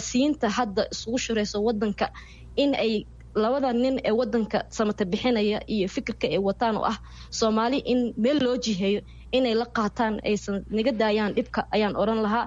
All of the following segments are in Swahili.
siinta hadda isugu shirayso wadanka in ay labada nin ee wadanka samata bixinaya iyo fikirka ay wataan oo ah soomaali in meel loo jiheeyo inay la qaataan aysan naga daayaan dhibka ayaan oran lahaa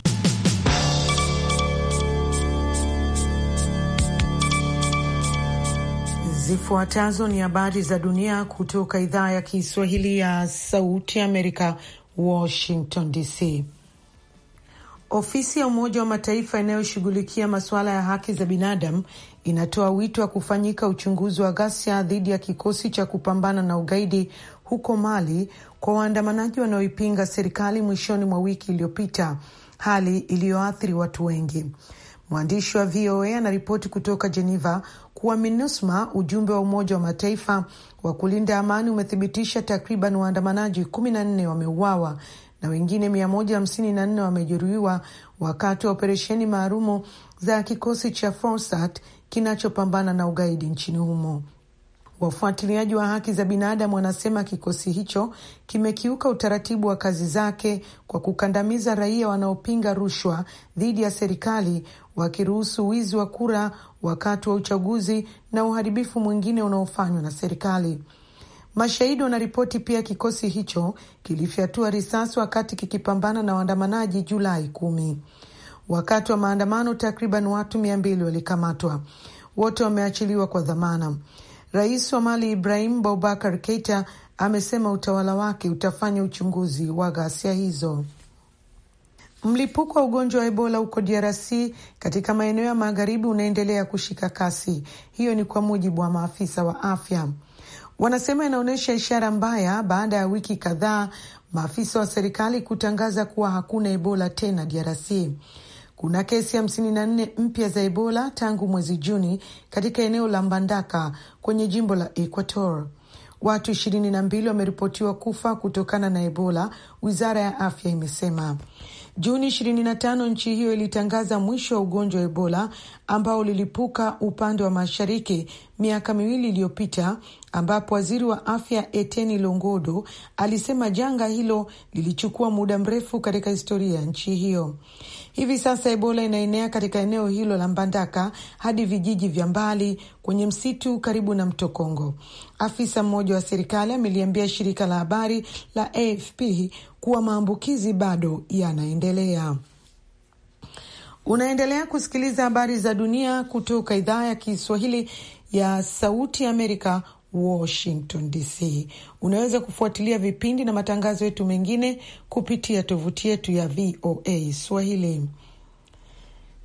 Zifuatazo ni habari za dunia kutoka idhaa ya Kiswahili ya Sauti Amerika, Washington DC. Ofisi ya Umoja wa Mataifa inayoshughulikia masuala ya haki za binadamu inatoa wito wa kufanyika uchunguzi wa ghasia dhidi ya kikosi cha kupambana na ugaidi huko Mali kwa waandamanaji wanaoipinga serikali mwishoni mwa wiki iliyopita, hali iliyoathiri watu wengi. Mwandishi wa VOA anaripoti kutoka Geneva kuwa MINUSMA, ujumbe wa Umoja wa Mataifa wa kulinda amani, umethibitisha takriban waandamanaji kumi na nne wameuawa na wengine 154 wamejeruhiwa wakati wa operesheni maalumu za kikosi cha Forsat kinachopambana na ugaidi nchini humo. Wafuatiliaji wa haki za binadamu wanasema kikosi hicho kimekiuka utaratibu wa kazi zake kwa kukandamiza raia wanaopinga rushwa dhidi ya serikali, wakiruhusu wizi wa kura wakati wa uchaguzi na uharibifu mwingine unaofanywa na serikali. Mashahidi wanaripoti pia kikosi hicho kilifyatua risasi wakati kikipambana na waandamanaji Julai kumi. Wakati wa maandamano, takriban watu mia mbili walikamatwa, wote wameachiliwa kwa dhamana. Rais wa Mali Ibrahim Boubacar Keita amesema utawala wake utafanya uchunguzi wa ghasia hizo. Mlipuko wa ugonjwa wa Ebola huko DRC katika maeneo ya magharibi unaendelea kushika kasi. Hiyo ni kwa mujibu wa maafisa wa afya, wanasema inaonyesha ishara mbaya baada ya wiki kadhaa maafisa wa serikali kutangaza kuwa hakuna Ebola tena DRC. Kuna kesi hamsini na nne mpya za Ebola tangu mwezi Juni katika eneo la Mbandaka kwenye jimbo la Equator. Watu na mbili wameripotiwa kufa kutokana na Ebola, wizara ya afya imesema. Juni 25 nchi hiyo ilitangaza mwisho wa ugonjwa wa Ebola ambao ulilipuka upande wa mashariki miaka miwili iliyopita, ambapo waziri wa afya Eteni Longodo alisema janga hilo lilichukua muda mrefu katika historia ya nchi hiyo. Hivi sasa Ebola inaenea katika eneo hilo la Mbandaka hadi vijiji vya mbali kwenye msitu karibu na mto Kongo. Afisa mmoja wa serikali ameliambia shirika la habari la AFP kuwa maambukizi bado yanaendelea. Unaendelea kusikiliza habari za dunia kutoka idhaa ya Kiswahili ya Sauti Amerika, Washington DC. Unaweza kufuatilia vipindi na matangazo yetu mengine kupitia tovuti yetu ya VOA Swahili.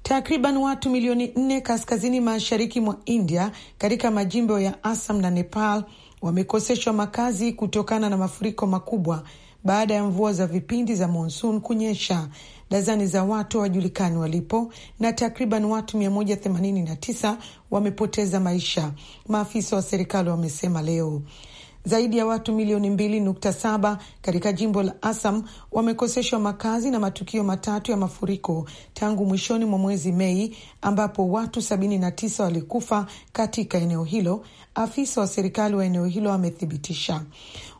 Takriban watu milioni nne kaskazini mashariki mwa India katika majimbo ya Assam na Nepal wamekoseshwa makazi kutokana na mafuriko makubwa baada ya mvua za vipindi za monsoon kunyesha. Dazani za watu hawajulikani walipo na takriban watu 189 wamepoteza maisha, maafisa wa serikali wamesema leo. Zaidi ya watu milioni mbili nukta saba katika jimbo la Assam wamekoseshwa makazi na matukio matatu ya mafuriko tangu mwishoni mwa mwezi Mei, ambapo watu sabini na tisa walikufa katika eneo hilo, afisa wa serikali wa eneo hilo amethibitisha.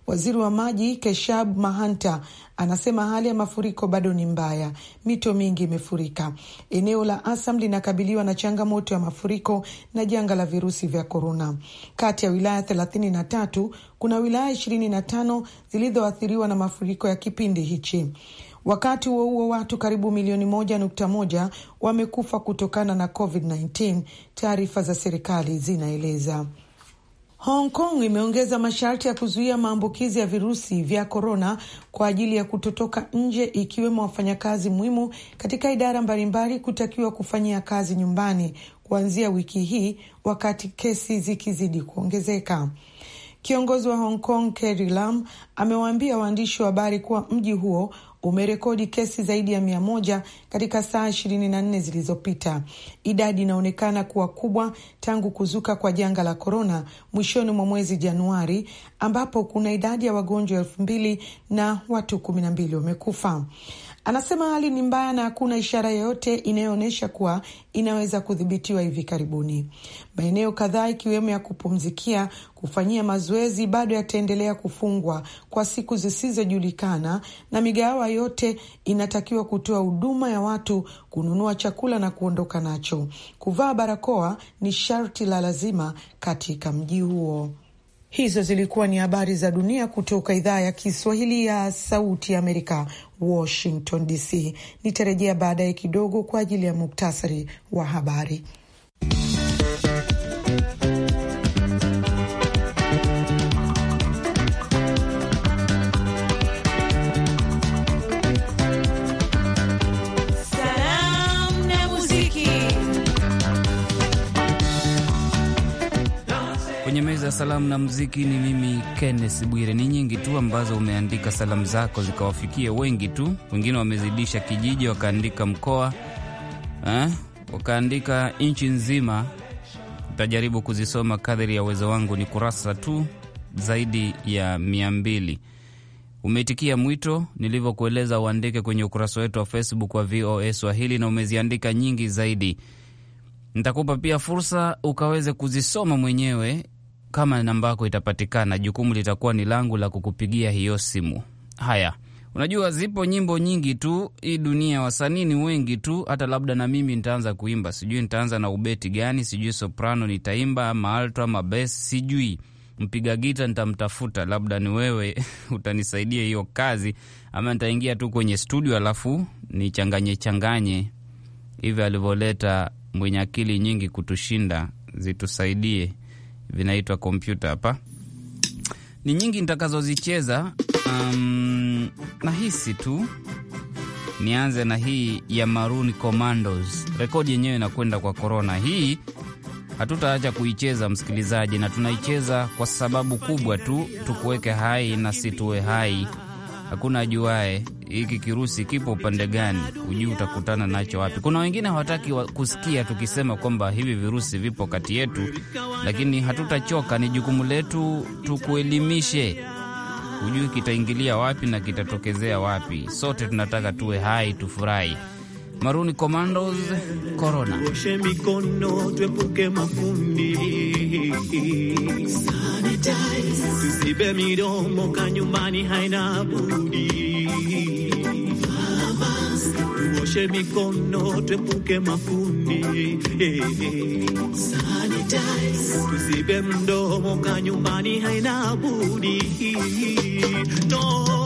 Waziri wa maji Keshab Mahanta anasema hali ya mafuriko bado ni mbaya, mito mingi imefurika. Eneo la Assam linakabiliwa na changamoto ya mafuriko na janga la virusi vya korona. Kati ya wilaya 33 kuna wilaya 25 zilizoathiriwa na mafuriko ya kipindi hichi. Wakati huo huo, watu karibu milioni moja nukta moja wamekufa kutokana na COVID-19, taarifa za serikali zinaeleza. Hong Kong imeongeza masharti ya kuzuia maambukizi ya virusi vya korona kwa ajili ya kutotoka nje, ikiwemo wafanyakazi muhimu katika idara mbalimbali kutakiwa kufanyia kazi nyumbani kuanzia wiki hii, wakati kesi zikizidi kuongezeka. Kiongozi wa Hong Kong Carrie Lam amewaambia waandishi wa habari kuwa mji huo umerekodi kesi zaidi ya mia moja katika saa ishirini na nne zilizopita. Idadi inaonekana kuwa kubwa tangu kuzuka kwa janga la korona mwishoni mwa mwezi Januari, ambapo kuna idadi ya wagonjwa elfu mbili na watu kumi na mbili wamekufa. Anasema hali ni mbaya na hakuna ishara yoyote inayoonyesha kuwa inaweza kudhibitiwa hivi karibuni. Maeneo kadhaa ikiwemo ya kupumzikia, kufanyia mazoezi bado yataendelea kufungwa kwa siku zisizojulikana, na migahawa yote inatakiwa kutoa huduma ya watu kununua chakula na kuondoka nacho. Kuvaa barakoa ni sharti la lazima katika mji huo. Hizo zilikuwa ni habari za dunia kutoka idhaa ya Kiswahili ya Sauti ya Amerika, Washington DC. Nitarejea baadaye kidogo kwa ajili ya muktasari wa habari. za salamu na muziki. Ni mimi Kenneth Bwire. Ni nyingi tu ambazo umeandika salamu zako zikawafikie wengi tu, wengine wamezidisha kijiji, wakaandika mkoa eh, wakaandika nchi nzima. utajaribu kuzisoma kadhiri ya uwezo wangu, ni kurasa tu zaidi ya mia mbili. Umeitikia mwito nilivyokueleza uandike kwenye ukurasa wetu wa Facebook wa VOA Swahili, na umeziandika nyingi zaidi. Nitakupa pia fursa ukaweze kuzisoma mwenyewe kama namba yako itapatikana, jukumu litakuwa ni langu la kukupigia hiyo simu. Haya, unajua zipo nyimbo nyingi tu hii dunia, wasanii ni wengi tu. Hata labda na mimi nitaanza kuimba, sijui nitaanza na ubeti gani, sijui soprano nitaimba ama alto ama bes, sijui mpiga gita nitamtafuta, labda ni wewe utanisaidia hiyo kazi, ama nitaingia tu kwenye studio alafu nichanganye changanye hivyo alivyoleta mwenye akili nyingi kutushinda zitusaidie vinaitwa kompyuta hapa, ni nyingi nitakazozicheza. Um, nahisi tu nianze na hii ya Maroon Commandos. Rekodi yenyewe inakwenda kwa Corona. Hii hatutaacha kuicheza msikilizaji, na tunaicheza kwa sababu kubwa tu, tukuweke hai na situwe hai Hakuna ajuae hiki kirusi kipo upande gani, hujui utakutana nacho wapi. Kuna wengine hawataki kusikia tukisema kwamba hivi virusi vipo kati yetu, lakini hatutachoka. Ni jukumu letu tukuelimishe, hujui kitaingilia wapi na kitatokezea wapi. Sote tunataka tuwe hai, tufurahi. Maruni Commandos Corona. Oshe mikono twepuke mafundi, tusibe midomo haina budi. Tuoshe mikono mafundi, mdomo haina budi no.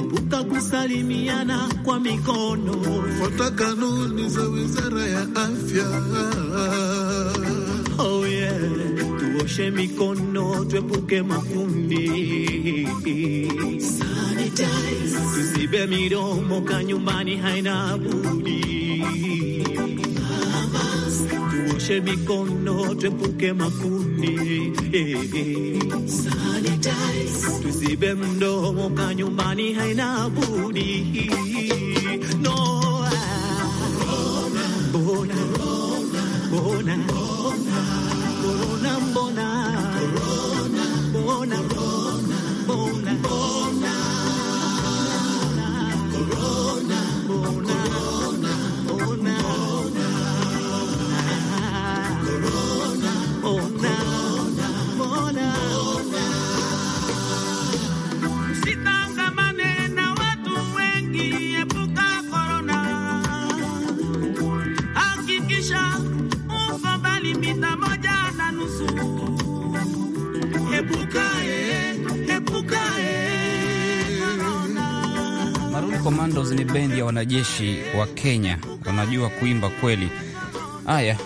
epuka kusalimiana kwa mikono. Fuata kanuni za Wizara ya Afya. Oh yeah, tuoshe mikono, twepuke makundi, tuzibe midomo, kanyumbani haina budi tuoshe mikono, tuepuke makundi eh, eh. Sanitize, tuzibe mdomo, ka nyumbani haina budi no Bona, bona, corona, bona, bona, bona, corona, bona Commandos ni bendi ya wanajeshi wa Kenya, wanajua kuimba kweli. Haya,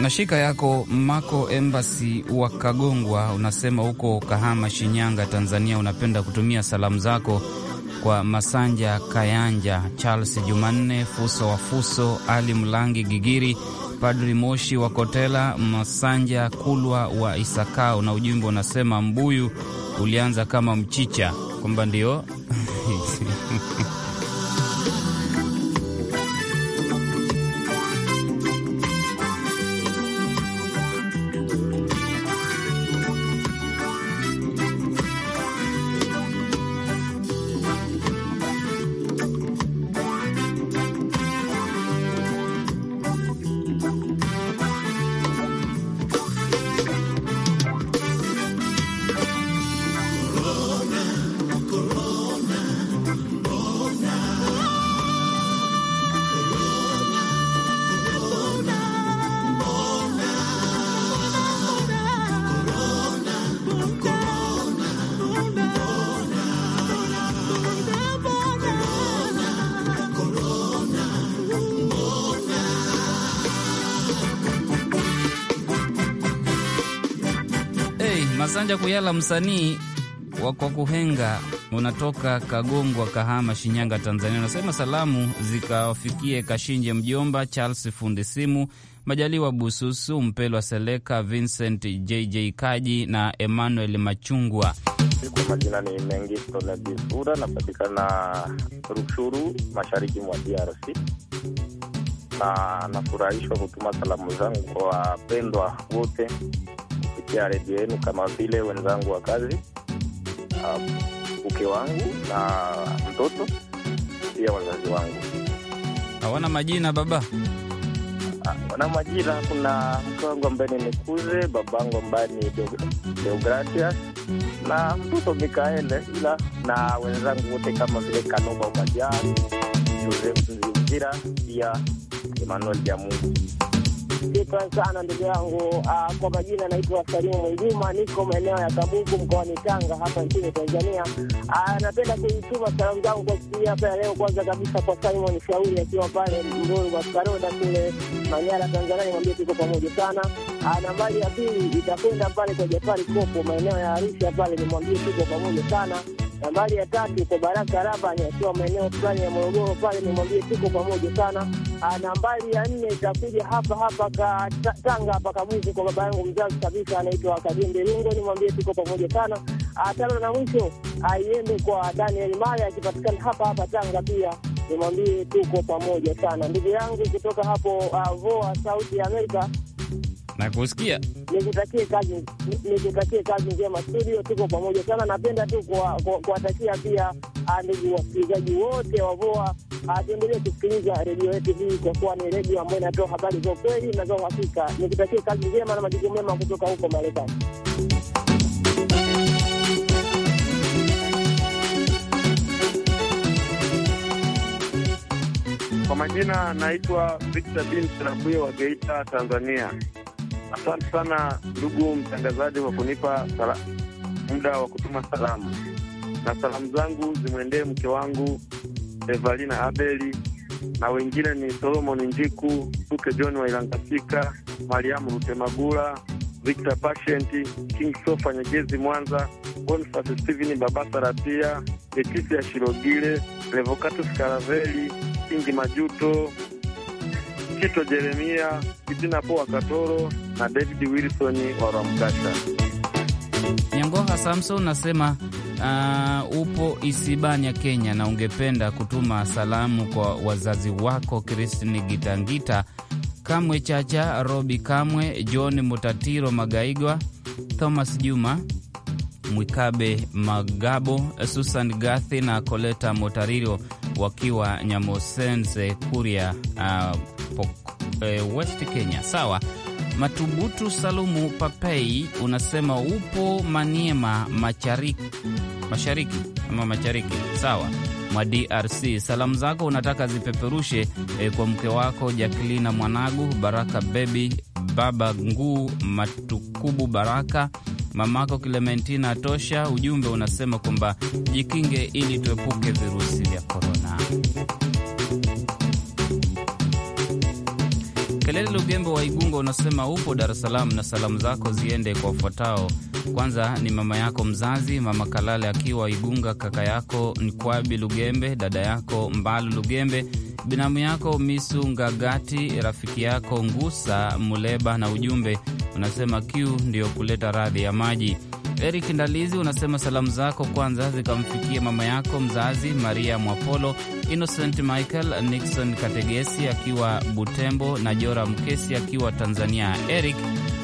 nashika yako Mako Embassy wa Kagongwa, unasema huko Kahama, Shinyanga, Tanzania, unapenda kutumia salamu zako kwa Masanja Kayanja, Charles Jumanne, Fuso wa Fuso, Ali Mlangi Gigiri, Padri Moshi wa Kotela, Masanja Kulwa wa Isakao, na ujumbe unasema mbuyu ulianza kama mchicha, kwamba ndio Masanja Kuyala, msanii wa kwa kuhenga, unatoka Kagongwa, Kahama, Shinyanga, Tanzania, unasema salamu zikawafikie Kashinje mjomba, Charles fundi simu, Majaliwa Bususu, Mpelwa Seleka, Vincent JJ Kaji na Emmanuel Machungwa. Kwa majina ni Mengisto Lebisura, napatikana Rushuru, mashariki mwa DRC na nafurahishwa kutuma salamu zangu kwa wapendwa wote kupitia redio yenu kama vile wenzangu wa kazi, um, mke wangu na mtoto pia wazazi wangu. Hawana majina baba? Ah, Wana majina, kuna mke wangu ambaye ni Mikuze, babangu ambaye ni Deogratias na mtoto Mikaele, ila na wenzangu wote kama vile Kanoba Majani, Jose Nzivira, pia Emmanuel Jamungu. Shukran sana ndugu yangu. Ah, kwa majina naitwa Salimu Mwinjuma, niko maeneo ya Kabuku mkoani Tanga hapa nchini Tanzania. Ah, napenda kuituma salamu zangu kwa siku hapa ya leo, kwanza kabisa kwa Simon Shauri akiwa pale Mduru kwa Karoda kule Manyara, Tanzania, nimwambie tuko pamoja sana. Ah, nambari ya pili itakwenda pale kwa Jafari Kopo maeneo ya Arusha pale, nimwambie tuko pamoja sana. Nambari ya tatu kwa Baraka Rabani akiwa maeneo fulani ya Morogoro pale, nimwambie tuko pamoja sana. Ah, nambari ya nne itakuja hapa hapa ka Tanga hapa Kabwizi kwa baba yangu mzazi kabisa, anaitwa Kajembe Lingo, nimwambie tuko pamoja sana. Ah, tano na mwisho aiende ah, kwa Daniel Maya akipatikana hapa hapa Tanga pia nimwambie tuko pamoja sana, ndugu yangu kutoka hapo uh, VOA Sauti ya Amerika na kusikia. Nikupatie kazi, nikupatie kazi njema. Studio tuko pamoja sana. Napenda tu kuwatakia pia ah, ndugu wasikilizaji wote wa VOA, ah, tuendelee kusikiliza redio yetu hii kwa kuwa ni redio ambayo inatoa habari za ukweli na za uhakika. Nikutakie kazi njema na majukumu mema kutoka huko Marekani. Kwa majina naitwa Victor bin Sarabui wa Geita, Tanzania. Asante sana ndugu mtangazaji kwa kunipa sala, muda wa kutuma salamu, na salamu zangu zimwendee mke wangu Evalina Abeli na wengine ni solomoni Njiku, Suke John Wailangasika, Mariamu Rutemagula, Victor Patient, King Sofa Nyegezi Mwanza, Bonifas Steven Babasara, pia Letisia Shirogile, Revocatus Karaveli, Kingi Majuto, Kito Jeremia, Kitina Poa Katoro na David Wilson wa Ramkasha. Nyangoha Samson nasema uh, upo Isibanya, Kenya, na ungependa kutuma salamu kwa wazazi wako Kristini Gitangita Kamwe, Chacha Robi Kamwe, John Mutatiro Magaigwa, Thomas Juma Mwikabe Magabo, Susan Gathi na Koleta Motariro wakiwa Nyamosense Kuria, uh, Norfolk, eh, West Kenya. Sawa. Matubutu Salumu Papei unasema upo Maniema Mashariki, mashariki ama mashariki, sawa mwa DRC. Salamu zako unataka zipeperushe eh, kwa mke wako Jaklina Mwanagu, Baraka Bebi, Baba Nguu Matukubu, Baraka mamako Clementina atosha Ujumbe unasema kwamba jikinge ili tuepuke virusi vya korona. Kelele Lugembe wa Igunga unasema upo Dar es Salaam na salamu zako ziende kwa ufuatao. Kwanza ni mama yako mzazi, mama Kalale akiwa Igunga, kaka yako Nkwabi Lugembe, dada yako Mbalu Lugembe, binamu yako Misu Ngagati, rafiki yako Ngusa Muleba, na ujumbe unasema kiu ndiyo kuleta radhi ya maji. Eric Ndalizi unasema salamu zako kwanza zikamfikia mama yako mzazi Maria Mwapolo, Innocent Michael Nixon Kategesi akiwa Butembo na Jora Mkesi akiwa Tanzania. Eric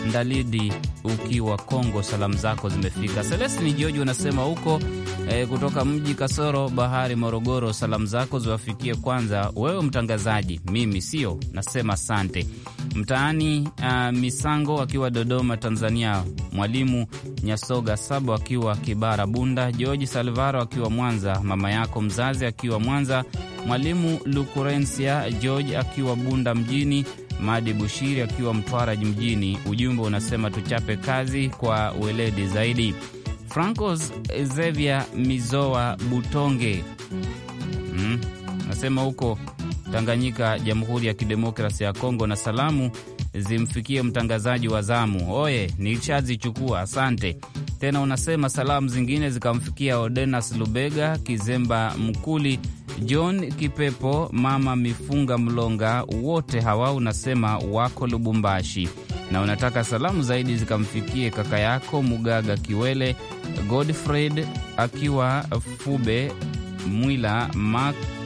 Ndalidi ukiwa Kongo, salamu zako zimefika. Selestini Joji unasema huko e, kutoka mji kasoro bahari Morogoro, salamu zako ziwafikie kwanza wewe mtangazaji, mimi sio nasema sante mtaani uh, Misango akiwa Dodoma Tanzania, mwalimu Nyasoga Sabo akiwa Kibara Bunda, George Salvaro akiwa Mwanza, mama yako mzazi akiwa Mwanza, mwalimu Lukurensia George akiwa Bunda mjini Madi Bushiri akiwa Mtwara mjini. Ujumbe unasema tuchape kazi kwa weledi zaidi. Francos Xavier Mizoa Butonge mm, nasema huko Tanganyika, Jamhuri ya Kidemokrasi ya Kongo, na salamu zimfikie mtangazaji wa zamu. Oye, nishazichukua asante. Tena unasema salamu zingine zikamfikia Odenas Lubega Kizemba Mkuli John Kipepo, mama Mifunga Mlonga, wote hawa unasema wako Lubumbashi na unataka salamu zaidi zikamfikie kaka yako Mugaga Kiwele, Godfred akiwa Fube, Mwila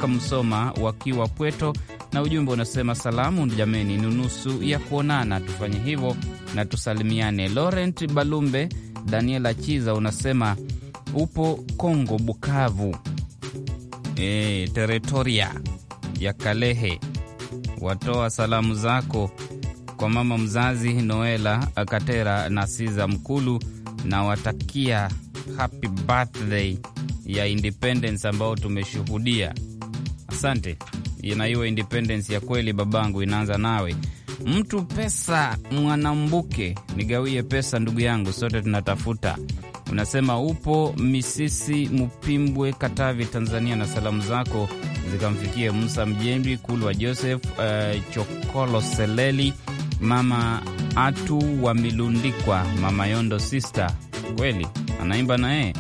msoma wakiwa Pweto, na ujumbe unasema salamu jameni, ni nusu ya kuonana, tufanye hivyo na tusalimiane. Laurent Balumbe Daniela Chiza unasema upo Kongo Bukavu e, eh, teritoria ya Kalehe watoa salamu zako kwa mama mzazi Noela Akatera na Siza Mkulu, na watakia happy birthday ya independence ambao tumeshuhudia. Asante, na hiyo independence ya kweli babangu, inaanza nawe. Mtu pesa Mwanambuke, nigawie pesa ndugu yangu, sote tunatafuta unasema upo Misisi Mupimbwe, Katavi, Tanzania, na salamu zako zikamfikie Musa Mjembi, Kulwa Joseph, uh, Chokolo Seleli, mama Atu wamilundikwa mama Yondo sister, kweli anaimba naye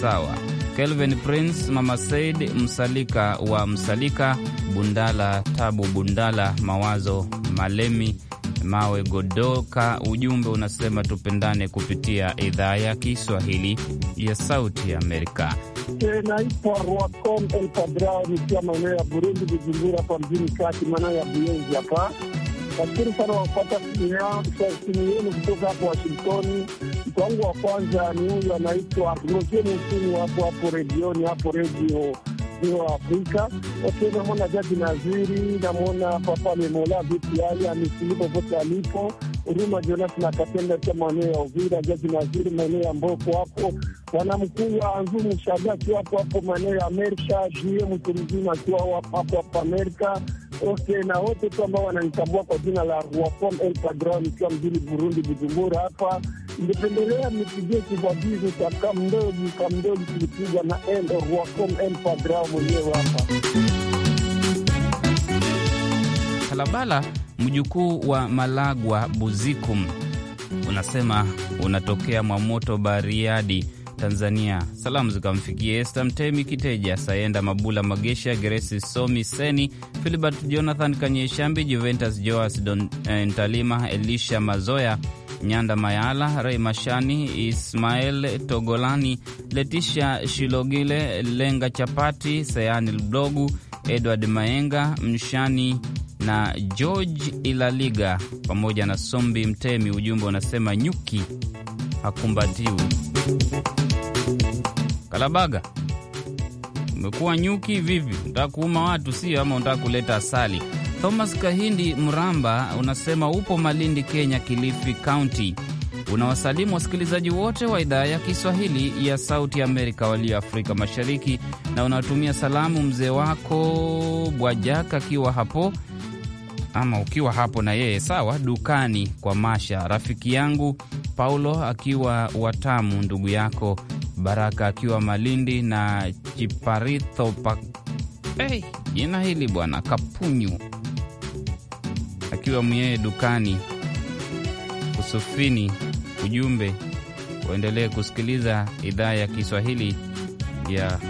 sawa. Kelvin Prince, mama Said Msalika wa Msalika, Bundala, Tabu Bundala, Mawazo Malemi Mawe Godoka, ujumbe unasema tupendane kupitia idhaa ya Kiswahili ya Sauti ya Amerika. E, naitwa Rwacom El nikiwa maeneo ya Burundi, Bujumbura hapa mjini kati, maeneo ya Buyenzi hapa. Nashukuru sana wapata simu yenu kutoka hapo Washingtoni. Mtu wangu wa kwanza ni huyu anaitwa Roje Musini, wapo hapo redioni hapo redio maziwa Afrika. Okay, namwona Jaji Naziri, namwona Papa Lemola Vitiali amesilimo vote alipo Huruma Jonas na Katenda ca maeneo ya Uvira, Jaji Naziri maeneo ya Mboko hapo, bwana mkuu wa Anzumu Shaga akiwapo hapo maeneo ya Amerika, jue mtu mzima akiwa hapo hapo Amerika wote na wote tu ambao wananitambua kwa jina la Ruafom El Padron, nikiwa mjini Burundi, Bujumbura hapa. Ningependelea nipigie kibwagizo cha kamdoji kamdoji kilipigwa na endo Ruafom El Padron mwenyewe hapa Kalabala, mjukuu wa Malagwa Buzikum. Unasema unatokea Mwamoto Bariadi Tanzania. Salamu zikamfikia Esta Mtemi Kiteja, Sayenda Mabula Magesha, gresi Somi Seni, Filibert Jonathan Kanyeshambi, Juventus Joas eh, Ntalima, Elisha Mazoya, Nyanda Mayala, Rei Mashani, Ismael Togolani, Letisha Shilogile, Lenga Chapati, Seanil Blogu, Edward Maenga Mshani na George Ilaliga pamoja na Sombi Mtemi. Ujumbe unasema nyuki hakumbatiwi. Kalabaga, umekuwa nyuki vipi? Unataka kuuma watu sio, ama unataka kuleta asali? Thomas Kahindi Mramba unasema upo Malindi, Kenya, Kilifi County. Unawasalimu wasikilizaji wote wa idhaa ya Kiswahili ya Sauti Amerika walio Afrika Mashariki, na unatumia salamu mzee wako Bwajaka akiwa hapo ama ukiwa hapo na yeye sawa, dukani kwa Masha, rafiki yangu Paulo akiwa Watamu, ndugu yako Baraka akiwa Malindi na Chiparitho pa... hey, jina hili bwana Kapunyu akiwa mwenyewe dukani usufini Ujumbe waendelee kusikiliza idhaa ya Kiswahili ya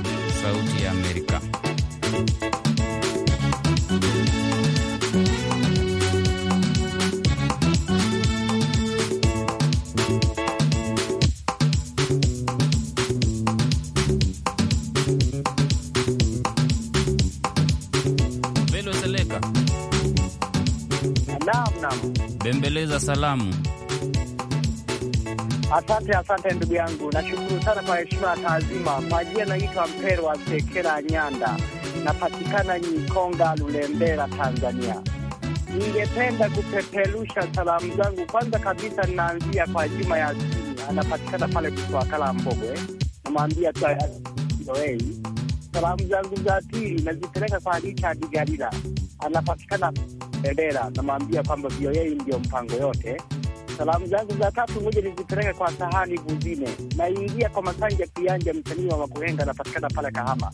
Sauti ya Amerika. salamu. Asante, asante ndugu yangu, nashukuru sana kwa heshima ya taazima. Kwa jina naitwa Mpero wa Sekera Nyanda, napatikana Nyikonga, Lulembera, Tanzania. Ningependa kupeperusha salamu zangu. Kwanza kabisa ninaanzia kwa Juma sini anapatikana pale Kuswakala Mbogwe, namwambia salamu zangu za pili nazipeleka kwa Richard garila anapatikana bendera, namwambia kwamba VOA ndio mpango yote. Salamu zangu za tatu moja nizipeleke kwa sahani vuzine, naingia kwa Masanja Kianja, msanii wa Makuhenga, anapatikana pale Kahama.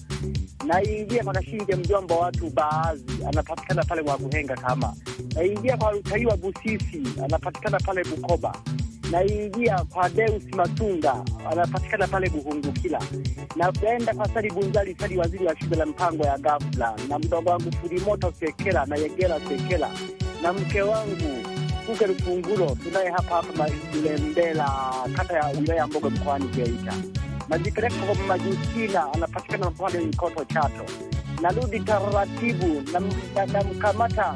naingia kwa Kashinja mjomba watu Baazi, anapatikana pale Mwakuhenga Kahama. naingia kwa Rutaiwa Busisi, anapatikana pale Bukoba naingia kwa Deus Matunda, anapatikana pale Buhungukila, naenda kwa Sali Bunzali Sali, waziri wa shule la mpango ya ghafla, na mdogo wangu Fulimoto Sekela na Yegera Sekela na mke wangu kuke Lufungulo, tunaye hapa hapa Mlembela, kata ya wilaya ya Mbogo mkoani Geita. Najipeleka kwa Majukila, anapatikana pale Mkoto Chato. Narudi taratibu, namkamata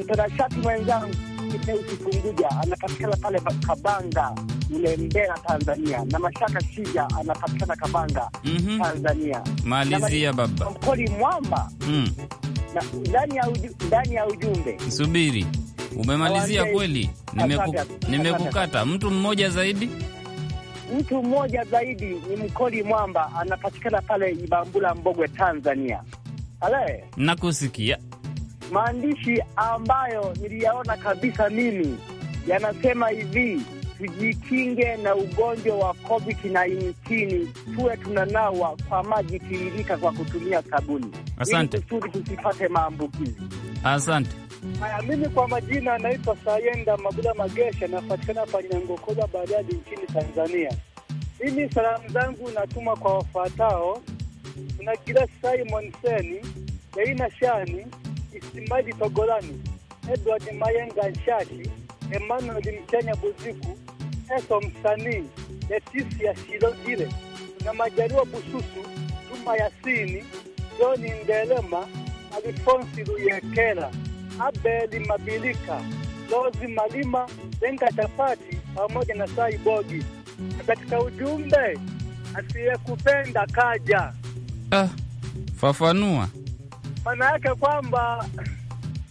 mtanashati mwenzangu ni Kunguja anapatikana pale Kabanga Ulembera, Tanzania, na Mashaka Shija anapatikana Kabanga mhm. Tanzania. Malizia baba Mkoli Mwamba mm. ndani ya ya ujumbe subiri, umemalizia kweli, nimekukata mtu mmoja zaidi mtu mmoja zaidi ni Mkoli Mwamba anapatikana pale Ibambula, Mbogwe, Tanzania. Ale, nakusikia maandishi ambayo niliyaona kabisa mimi yanasema hivi: tujikinge na ugonjwa wa COVID-19, tuwe tunanawa kwa maji tiririka kwa kutumia sabuni, asante, ili kusudi tusipate maambukizi. Asante. Haya, mimi kwa majina anaitwa Sayenda Mabula Magesha, napatikana hapa Nyangokola Badadi nchini Tanzania. Mimi salamu zangu natuma kwa wafuatao: kuna Gilasi Simon Seni, Yaina Shani Isimadi Togolani, Edward Mayenga Nshaki, Emmanuel Mkenya Buziku, Eso Msanii, Letisia Shilogile na Majaliwa Bususu, Juma Yasini, Johni Ndelema, Alifonsi Luyekela, Abeli Mabilika, Lozi Malima, Lenga Chapati pamoja na Sai Bogi. Katika ujumbe, asiyekupenda kaja. Ah, fafanua maana yake kwamba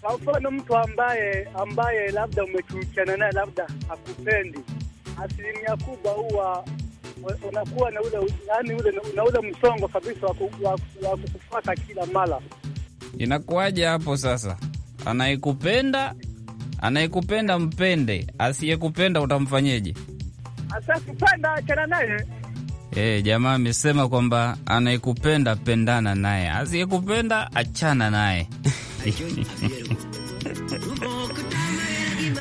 kwa mfano mtu ambaye ambaye labda umechukiana naye, labda hakupendi, asilimia kubwa huwa unakuwa na ule yani ule na ule msongo kabisa wa kukufuata kila mara. Inakuwaje hapo sasa? Anayekupenda anayekupenda mpende, asiyekupenda utamfanyeje? Asiyekupenda achana naye. E, jamaa amesema kwamba anayekupenda pendana naye, asiyekupenda achana naye.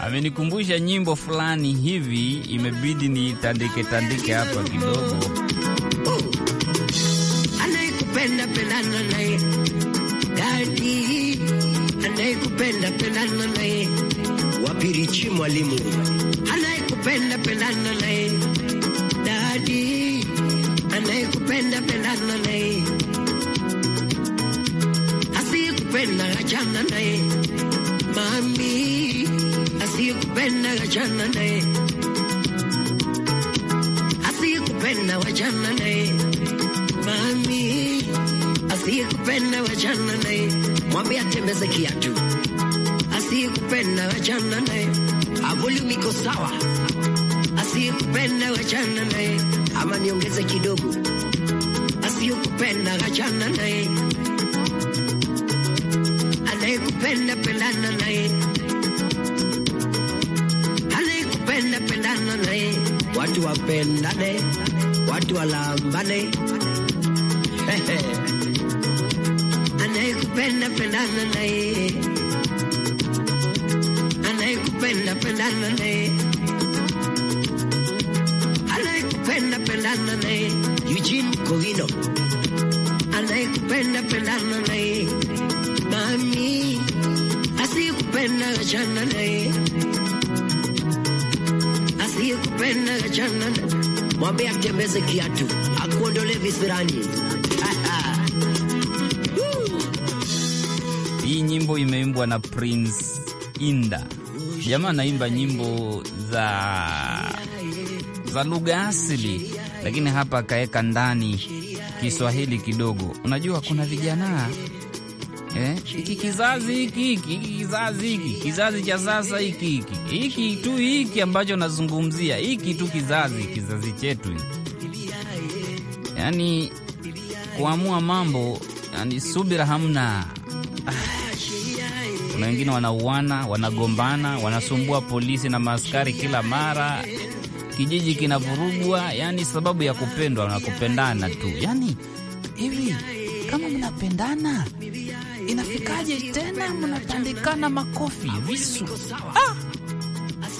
Amenikumbusha nyimbo fulani hivi, imebidi niitandike tandike hapa kidogo. Anayekupenda pendana naye, dadi anayekupenda pendana naye, wapirichi mwalimu anayekupenda pendana naye, dadi anayekupenda pendana na naye, asiyekupenda achana naye. Mami, asiyekupenda achana naye, asiyekupenda wachana naye. Mami, asiyekupenda wachana naye, mwambia tembeze kiatu, asiyekupenda wachana naye, avuli miko sawa asiyekupenda wachana naye, ama niongeze kidogo, asiyekupenda wachana naye, anayekupenda pendana naye, anayekupenda pendana naye, watu wapendane, watu walambane anayekupenda pendana naye, anayekupenda pendana naye pendana naye Eugene Kovino anayekupenda pendana naye mami, asiyekupenda achana naye, asiyekupenda achana naye, mwambie atembeze kiatu akuondole visirani. Hii nyimbo imeimbwa na Prince Inda. Jamaa anaimba nyimbo za za lugha asili lakini hapa akaweka ndani Kiswahili kidogo. Unajua kuna vijana eh? hiki eh, kizazi hiki hiki kizazi hiki kizazi cha sasa hiki hiki hiki tu hiki ambacho nazungumzia hiki tu kizazi kizazi chetu, yaani kuamua mambo, yani subira hamna. Kuna wengine wanauana, wanagombana, wanasumbua polisi na maaskari kila mara kijiji kinavurugwa, yani sababu ya kupendwa na kupendana tu. Yani hivi kama mnapendana inafikaje tena mnapandikana makofi, visu? Ah!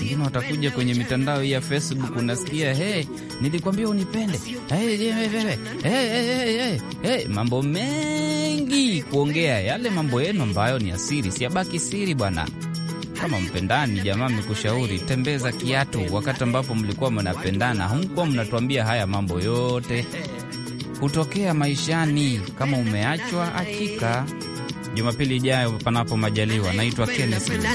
Wengine watakuja kwenye mitandao hii ya Facebook, unasikia hey, nilikwambia unipende hey, hey, hey, hey, hey, hey, mambo mengi kuongea, yale mambo yenu ambayo ni asiri, siabaki siri bwana kama mpendani, jamaa mikushauri tembeza kiatu, wakati ambapo mlikuwa mnapendana hamkuwa mnatuambia haya mambo yote hutokea maishani kama umeachwa. Hakika Jumapili ijayo, panapo majaliwa. Naitwa Kenneth Mami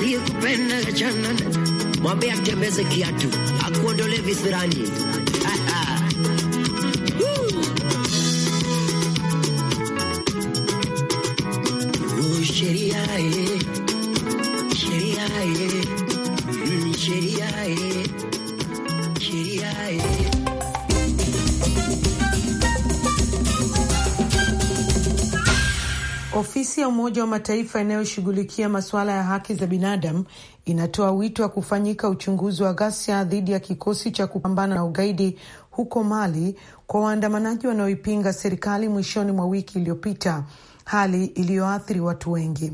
aliyekupenda achana, mwambie atembeze kiatu, akuondole visirani ya Umoja wa Mataifa inayoshughulikia masuala ya haki za binadamu inatoa wito wa kufanyika uchunguzi wa ghasia dhidi ya kikosi cha kupambana na ugaidi huko Mali kwa waandamanaji wanaoipinga serikali mwishoni mwa wiki iliyopita, hali iliyoathiri watu wengi.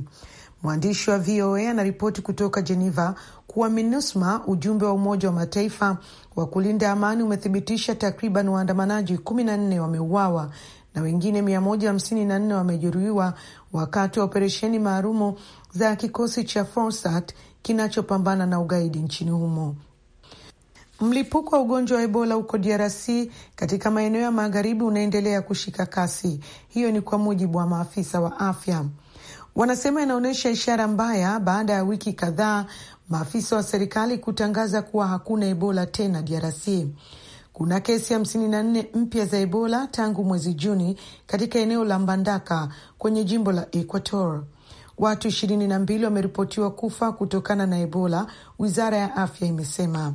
Mwandishi wa VOA anaripoti kutoka Geneva kuwa MINUSMA, ujumbe wa Umoja wa Mataifa wa kulinda amani, umethibitisha takriban waandamanaji kumi na nne wameuawa na wengine 154 wamejeruhiwa wakati wa operesheni maalumu za kikosi cha Fosat kinachopambana na ugaidi nchini humo. Mlipuko wa ugonjwa wa Ebola huko DRC katika maeneo ya magharibi unaendelea kushika kasi. Hiyo ni kwa mujibu wa maafisa wa afya, wanasema inaonyesha ishara mbaya baada ya wiki kadhaa maafisa wa serikali kutangaza kuwa hakuna Ebola tena DRC. Kuna kesi hamsini na nne mpya za Ebola tangu mwezi Juni katika eneo la Mbandaka kwenye jimbo la Equator. Watu ishirini na mbili wameripotiwa kufa kutokana na Ebola, wizara ya afya imesema.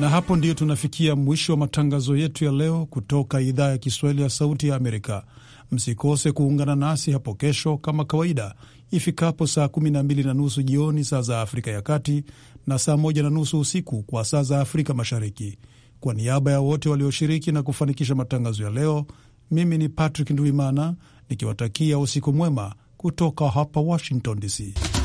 Na hapo ndiyo tunafikia mwisho wa matangazo yetu ya leo kutoka idhaa ya Kiswahili ya Sauti ya Amerika. Msikose kuungana nasi hapo kesho kama kawaida ifikapo saa kumi na mbili na nusu jioni saa za Afrika ya Kati na saa moja na nusu usiku kwa saa za Afrika Mashariki. Kwa niaba ya wote walioshiriki na kufanikisha matangazo ya leo, mimi ni Patrick Ndwimana nikiwatakia usiku mwema kutoka hapa Washington DC.